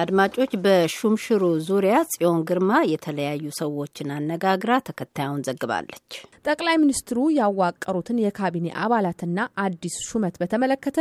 አድማጮች በሹምሽሩ ዙሪያ ጽዮን ግርማ የተለያዩ ሰዎችን አነጋግራ ተከታዩን ዘግባለች። ጠቅላይ ሚኒስትሩ ያዋቀሩትን የካቢኔ አባላትና አዲስ ሹመት በተመለከተ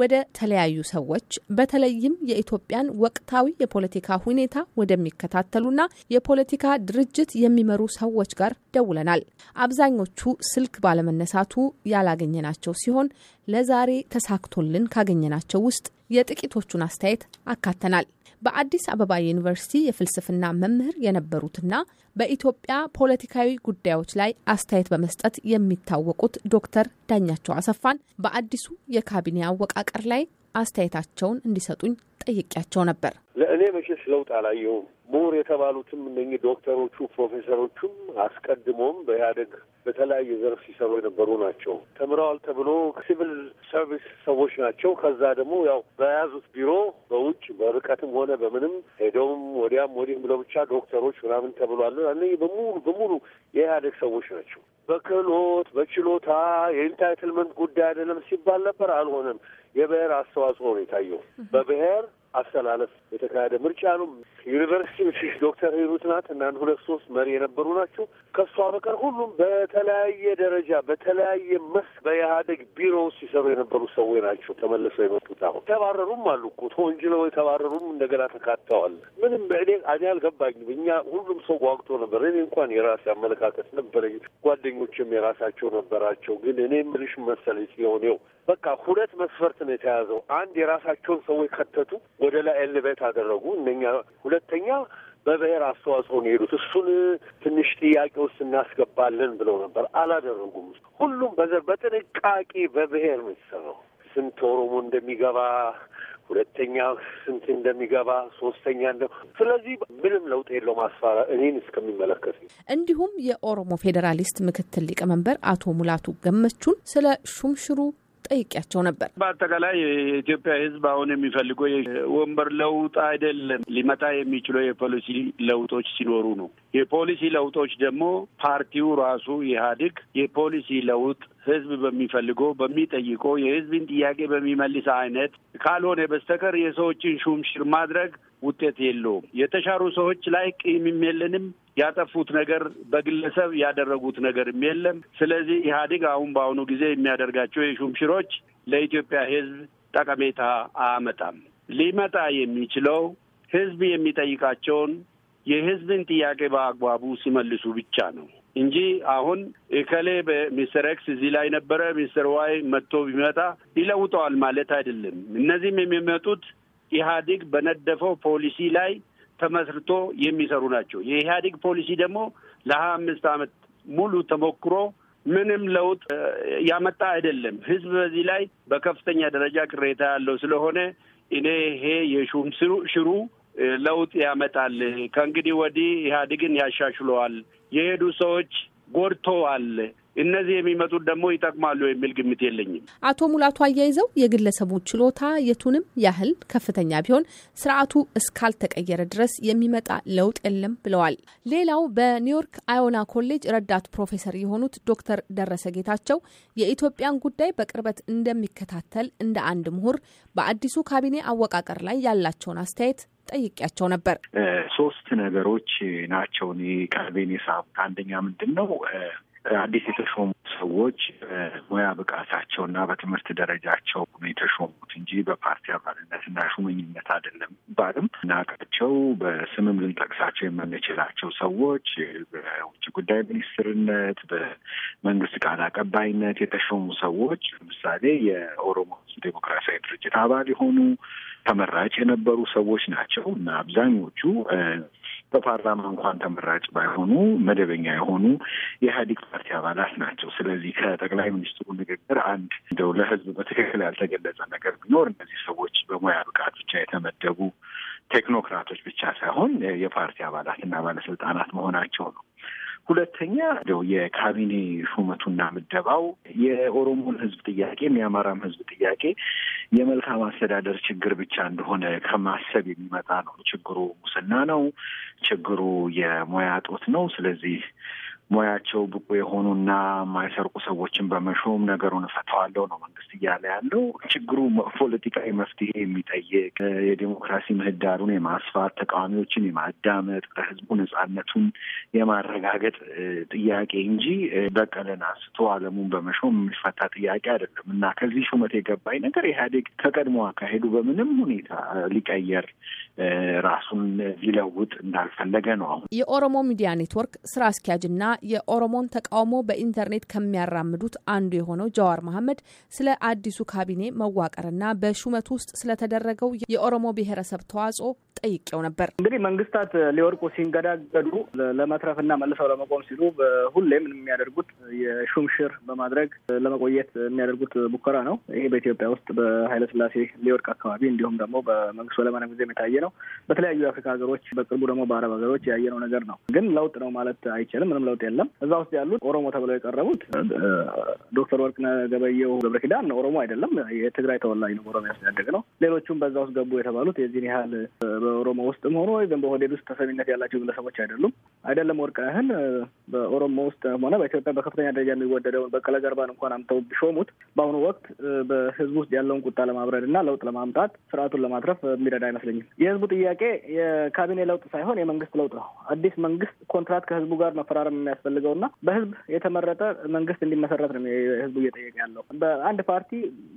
ወደ ተለያዩ ሰዎች በተለይም የኢትዮጵያን ወቅታዊ የፖለቲካ ሁኔታ ወደሚከታተሉና የፖለቲካ ድርጅት የሚመሩ ሰዎች ጋር ደውለናል። አብዛኞቹ ስልክ ባለመነሳቱ ያላገኘናቸው ሲሆን ለዛሬ ተሳክቶልን ካገኘናቸው ውስጥ የጥቂቶቹን አስተያየት አካተናል። በአዲስ አበባ ዩኒቨርሲቲ የፍልስፍና መምህር የነበሩትና በኢትዮጵያ ፖለቲካዊ ጉዳዮች ላይ አስተያየት በመስጠት የሚታወቁት ዶክተር ዳኛቸው አሰፋን በአዲሱ የካቢኔ አወቃቀር ላይ አስተያየታቸውን እንዲሰጡኝ ጠይቄያቸው ነበር። ለእኔ መቼስ ለውጥ አላየውም። ምሁር የተባሉትም እነኚህ ዶክተሮቹ፣ ፕሮፌሰሮቹም አስቀድሞም በኢህአደግ በተለያየ ዘርፍ ሲሰሩ የነበሩ ናቸው። ተምረዋል ተብሎ ሲቪል ሰርቪስ ሰዎች ናቸው። ከዛ ደግሞ ያው በያዙት ቢሮ በውጭ በርቀትም ሆነ በምንም ሄደውም ወዲያም ወዲህም ብለው ብቻ ዶክተሮች ምናምን ተብሏል። እነኚህ በሙሉ በሙሉ የኢህአደግ ሰዎች ናቸው። በክህሎት በችሎታ የኢንታይትልመንት ጉዳይ አይደለም ሲባል ነበር። አልሆነም። የብሔር አስተዋጽኦ ነው የታየው። በብሔር አስተላለፍ የተካሄደ ምርጫ ነው። ዩኒቨርሲቲ ዶክተር ሂሩት ናት እና ሁለት ሶስት መሪ የነበሩ ናቸው። ከእሷ በቀር ሁሉም በተለያየ ደረጃ በተለያየ መስክ በኢህአደግ ቢሮ ውስጥ ሲሰሩ የነበሩ ሰዎች ናቸው ተመልሰው የመጡት። አሁን የተባረሩም አሉ እኮ ተወንጅለው የተባረሩም እንደገና ተካተዋል። ምንም በእኔ እኔ አልገባኝም። እኛ ሁሉም ሰው ጓግቶ ነበር። እኔ እንኳን የራሴ አመለካከት ነበረኝ፣ ጓደኞችም የራሳቸው ነበራቸው። ግን እኔ ምልሽ መሰለኝ ሲሆን ይኸው በቃ ሁለት መስፈርት ነው የተያዘው። አንድ የራሳቸውን ሰዎች ከተቱ፣ ወደ ላይ ኤሌቬት አደረጉ እነኛ። ሁለተኛ በብሔር አስተዋጽኦ ነው የሄዱት። እሱን ትንሽ ጥያቄ ውስጥ እናስገባለን ብለው ነበር፣ አላደረጉም። ሁሉም በዘር በጥንቃቄ በብሔር ነው የተሰራው። ስንት ኦሮሞ እንደሚገባ ሁለተኛ ስንት እንደሚገባ ሶስተኛ እንደ ስለዚህ ምንም ለውጥ የለውም። ማስፈራ እኔን እስከሚመለከት እንዲሁም የኦሮሞ ፌዴራሊስት ምክትል ሊቀመንበር አቶ ሙላቱ ገመቹን ስለ ሹምሽሩ ጠይቄያቸው ነበር። በአጠቃላይ የኢትዮጵያ ሕዝብ አሁን የሚፈልገው ወንበር ለውጥ አይደለም። ሊመጣ የሚችለው የፖሊሲ ለውጦች ሲኖሩ ነው። የፖሊሲ ለውጦች ደግሞ ፓርቲው ራሱ ኢህአዴግ የፖሊሲ ለውጥ ህዝብ በሚፈልገው በሚጠይቀው የህዝብን ጥያቄ በሚመልስ አይነት ካልሆነ በስተቀር የሰዎችን ሹምሽር ማድረግ ውጤት የለውም። የተሻሩ ሰዎች ላይ ቂምም የለንም፣ ያጠፉት ነገር በግለሰብ ያደረጉት ነገርም የለም። ስለዚህ ኢህአዴግ አሁን በአሁኑ ጊዜ የሚያደርጋቸው የሹምሽሮች ለኢትዮጵያ ህዝብ ጠቀሜታ አያመጣም። ሊመጣ የሚችለው ህዝብ የሚጠይቃቸውን የህዝብን ጥያቄ በአግባቡ ሲመልሱ ብቻ ነው እንጂ አሁን እከሌ በሚስተር ኤክስ እዚህ ላይ ነበረ ሚስተር ዋይ መጥቶ ቢመጣ ይለውጠዋል ማለት አይደለም። እነዚህም የሚመጡት ኢህአዴግ በነደፈው ፖሊሲ ላይ ተመስርቶ የሚሰሩ ናቸው። የኢህአዴግ ፖሊሲ ደግሞ ለሀያ አምስት አመት ሙሉ ተሞክሮ ምንም ለውጥ ያመጣ አይደለም። ህዝብ በዚህ ላይ በከፍተኛ ደረጃ ቅሬታ ያለው ስለሆነ እኔ ይሄ የሹም ሽሩ ለውጥ ያመጣል፣ ከእንግዲህ ወዲህ ኢህአዴግን ያሻሽለዋል፣ የሄዱ ሰዎች ጎድተዋል እነዚህ የሚመጡት ደግሞ ይጠቅማሉ የሚል ግምት የለኝም። አቶ ሙላቱ አያይዘው የግለሰቡ ችሎታ የቱንም ያህል ከፍተኛ ቢሆን ስርዓቱ እስካልተቀየረ ድረስ የሚመጣ ለውጥ የለም ብለዋል። ሌላው በኒውዮርክ አዮና ኮሌጅ ረዳት ፕሮፌሰር የሆኑት ዶክተር ደረሰ ጌታቸው የኢትዮጵያን ጉዳይ በቅርበት እንደሚከታተል እንደ አንድ ምሁር በአዲሱ ካቢኔ አወቃቀር ላይ ያላቸውን አስተያየት ጠይቂያቸው ነበር። ሶስት ነገሮች ናቸው ካቢኔ ሳብ አንደኛ ምንድን ነው አዲስ የተሾሙ ሰዎች ሙያ ብቃታቸው እና በትምህርት ደረጃቸው ነው የተሾሙት እንጂ በፓርቲ አባልነት እና ሹመኝነት አይደለም። ባልም ናቃቸው በስምም ልንጠቅሳቸው የምንችላቸው ሰዎች በውጭ ጉዳይ ሚኒስትርነት፣ በመንግስት ቃል አቀባይነት የተሾሙ ሰዎች ለምሳሌ የኦሮሞ ዴሞክራሲያዊ ድርጅት አባል የሆኑ ተመራጭ የነበሩ ሰዎች ናቸው እና አብዛኞቹ በፓርላማ እንኳን ተመራጭ ባይሆኑ መደበኛ የሆኑ የኢህአዴግ ፓርቲ አባላት ናቸው። ስለዚህ ከጠቅላይ ሚኒስትሩ ንግግር አንድ እንደው ለህዝብ በትክክል ያልተገለጸ ነገር ቢኖር እነዚህ ሰዎች በሙያ ብቃት ብቻ የተመደቡ ቴክኖክራቶች ብቻ ሳይሆን የፓርቲ አባላትና ባለስልጣናት መሆናቸው ነው። ሁለተኛ እንደው የካቢኔ ሹመቱና ምደባው የኦሮሞን ህዝብ ጥያቄ የአማራም ህዝብ ጥያቄ የመልካም አስተዳደር ችግር ብቻ እንደሆነ ከማሰብ የሚመጣ ነው። ችግሩ ሙስና ነው፣ ችግሩ የሙያ እጦት ነው። ስለዚህ ሙያቸው ብቁ የሆኑና የማይሰርቁ ሰዎችን በመሾም ነገሩን እፈተዋለሁ ነው መንግስት እያለ ያለው። ችግሩ ፖለቲካዊ መፍትሄ የሚጠይቅ የዴሞክራሲ ምህዳሩን የማስፋት ተቃዋሚዎችን የማዳመጥ ከህዝቡ ነጻነቱን የማረጋገጥ ጥያቄ እንጂ በቀለን አንስቶ አለሙን በመሾም የሚፈታ ጥያቄ አይደለም እና ከዚህ ሹመት የገባኝ ነገር ኢህአዴግ ከቀድሞ አካሄዱ በምንም ሁኔታ ሊቀየር ራሱን ሊለውጥ እንዳልፈለገ ነው። አሁን የኦሮሞ ሚዲያ ኔትወርክ ስራ አስኪያጅና የኦሮሞን ተቃውሞ በኢንተርኔት ከሚያራምዱት አንዱ የሆነው ጀዋር መሐመድ ስለ አዲሱ ካቢኔ መዋቀርና በሹመቱ ውስጥ ስለተደረገው የኦሮሞ ብሔረሰብ ተዋጽኦ ጠይቄው ነበር። እንግዲህ መንግስታት ሊወርቁ ሲንገዳገዱ ለመትረፍና መልሰው ለመቆም ሲሉ ሁሌም የሚያደርጉት የሹምሽር በማድረግ ለመቆየት የሚያደርጉት ሙከራ ነው። ይሄ በኢትዮጵያ ውስጥ በኃይለስላሴ ሊወርቅ አካባቢ እንዲሁም ደግሞ በመንግስቱ ለመነ ጊዜም የታየ ነው። በተለያዩ የአፍሪካ ሀገሮች፣ በቅርቡ ደግሞ በአረብ ሀገሮች ያየነው ነገር ነው። ግን ለውጥ ነው ማለት አይቻልም። ምንም ለውጥ የለም። እዛ ውስጥ ያሉት ኦሮሞ ተብለው የቀረቡት ዶክተር ወርቅነህ ገበየሁ ገብረ ኪዳን ኦሮሞ አይደለም፣ የትግራይ ተወላጅ ነው። ኦሮሚያ ውስጥ ያደገ ነው። ሌሎቹም በዛ ውስጥ ገቡ የተባሉት የዚህን ያህል በኦሮሞ ውስጥም ሆኖ ወይም በሆዴድ ውስጥ ተሰሚነት ያላቸው ግለሰቦች አይደሉም። አይደለም ወርቅነህን በኦሮሞ ውስጥ ሆነ በኢትዮጵያ በከፍተኛ ደረጃ የሚወደደውን በቀለ ገርባን እንኳን አምተው ቢሾሙት በአሁኑ ወቅት በህዝቡ ውስጥ ያለውን ቁጣ ለማብረድ እና ለውጥ ለማምጣት ስርዓቱን ለማትረፍ የሚረዳ አይመስለኝም። የህዝቡ ጥያቄ የካቢኔ ለውጥ ሳይሆን የመንግስት ለውጥ ነው። አዲስ መንግስት ኮንትራት ከህዝቡ ጋር መፈራረም ያስፈልገው እና በህዝብ የተመረጠ መንግስት እንዲመሰረት ነው ህዝቡ እየጠየቀ ያለው። በአንድ ፓርቲ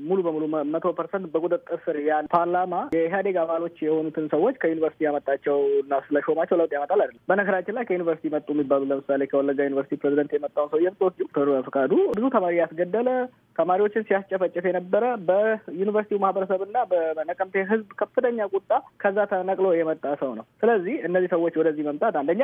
ሙሉ በሙሉ መቶ ፐርሰንት በቁጥጥር ስር ያለ ፓርላማ የኢህአዴግ አባሎች የሆኑትን ሰዎች ከዩኒቨርሲቲ ያመጣቸው እና ስለሾማቸው ለውጥ ያመጣል አይደለም። በነገራችን ላይ ከዩኒቨርሲቲ መጡ የሚባሉ ለምሳሌ ከወለጋ ዩኒቨርሲቲ ፕሬዚደንት የመጣውን ሰው የምትወስዱ ፍቃዱ ብዙ ተማሪ ያስገደለ ተማሪዎችን ሲያስጨፈጭፍ የነበረ በዩኒቨርሲቲው ማህበረሰብና በነቀምቴ ህዝብ ከፍተኛ ቁጣ ከዛ ተነቅሎ የመጣ ሰው ነው። ስለዚህ እነዚህ ሰዎች ወደዚህ መምጣት አንደኛ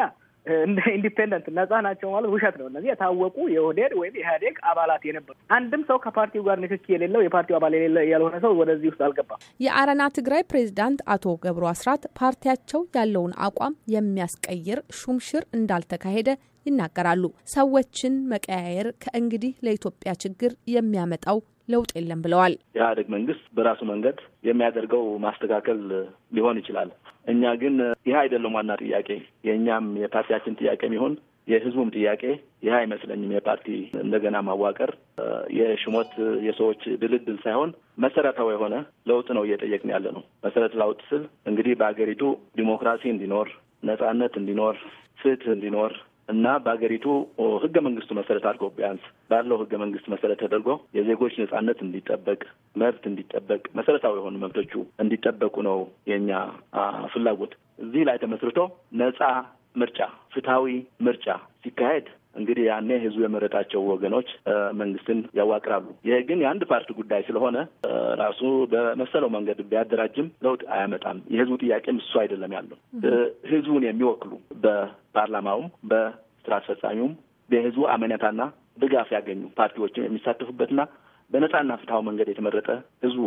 ኢንዲፔንደንት ነጻ ናቸው ማለት ውሸት ነው። እነዚህ የታወቁ የኦህዴድ ወይም የኢህአዴግ አባላት የነበሩ አንድም ሰው ከፓርቲው ጋር ንክኪ የሌለው የፓርቲው አባል የሌለ ያልሆነ ሰው ወደዚህ ውስጥ አልገባም። የአረና ትግራይ ፕሬዚዳንት አቶ ገብሩ አስራት ፓርቲያቸው ያለውን አቋም የሚያስቀይር ሹምሽር እንዳልተካሄደ ይናገራሉ። ሰዎችን መቀያየር ከእንግዲህ ለኢትዮጵያ ችግር የሚያመጣው ለውጥ የለም ብለዋል። የኢህአዴግ መንግስት በራሱ መንገድ የሚያደርገው ማስተካከል ሊሆን ይችላል። እኛ ግን ይህ አይደለም ዋና ጥያቄ። የእኛም የፓርቲያችን ጥያቄ ሚሆን የህዝቡም ጥያቄ ይህ አይመስለኝም። የፓርቲ እንደገና ማዋቀር የሽሞት የሰዎች ድልድል ሳይሆን መሰረታዊ የሆነ ለውጥ ነው እየጠየቅን ያለ ነው። መሰረት ለውጥ ስል እንግዲህ በሀገሪቱ ዲሞክራሲ እንዲኖር፣ ነጻነት እንዲኖር፣ ፍትህ እንዲኖር እና በሀገሪቱ ህገ መንግስቱ መሰረት አድርጎ ቢያንስ ባለው ህገ መንግስት መሰረት ተደርጎ የዜጎች ነጻነት እንዲጠበቅ፣ መብት እንዲጠበቅ፣ መሰረታዊ የሆኑ መብቶቹ እንዲጠበቁ ነው የኛ ፍላጎት። እዚህ ላይ ተመስርቶ ነጻ ምርጫ፣ ፍትሐዊ ምርጫ ሲካሄድ እንግዲህ ያኔ ህዝቡ የመረጣቸው ወገኖች መንግስትን ያዋቅራሉ። ይሄ ግን የአንድ ፓርቲ ጉዳይ ስለሆነ ራሱ በመሰለው መንገድ ቢያደራጅም ለውጥ አያመጣም። የህዝቡ ጥያቄም እሱ አይደለም ያለው። ህዝቡን የሚወክሉ በፓርላማውም በስራ አስፈጻሚውም በህዝቡ አመኔታና ድጋፍ ያገኙ ፓርቲዎችም የሚሳተፉበትና በነጻና ፍትሐዊ መንገድ የተመረጠ ህዝቡ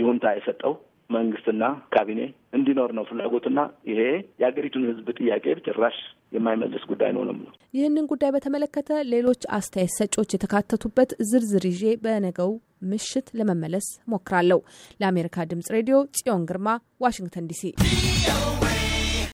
ይሁንታ የሰጠው መንግስትና ካቢኔ እንዲኖር ነው ፍላጎትና ይሄ የሀገሪቱን ህዝብ ጥያቄ ጭራሽ የማይመልስ ጉዳይ ነው ነው ይህንን ጉዳይ በተመለከተ ሌሎች አስተያየት ሰጮች የተካተቱበት ዝርዝር ይዤ በነገው ምሽት ለመመለስ ሞክራለሁ። ለአሜሪካ ድምጽ ሬዲዮ ጽዮን ግርማ ዋሽንግተን ዲሲ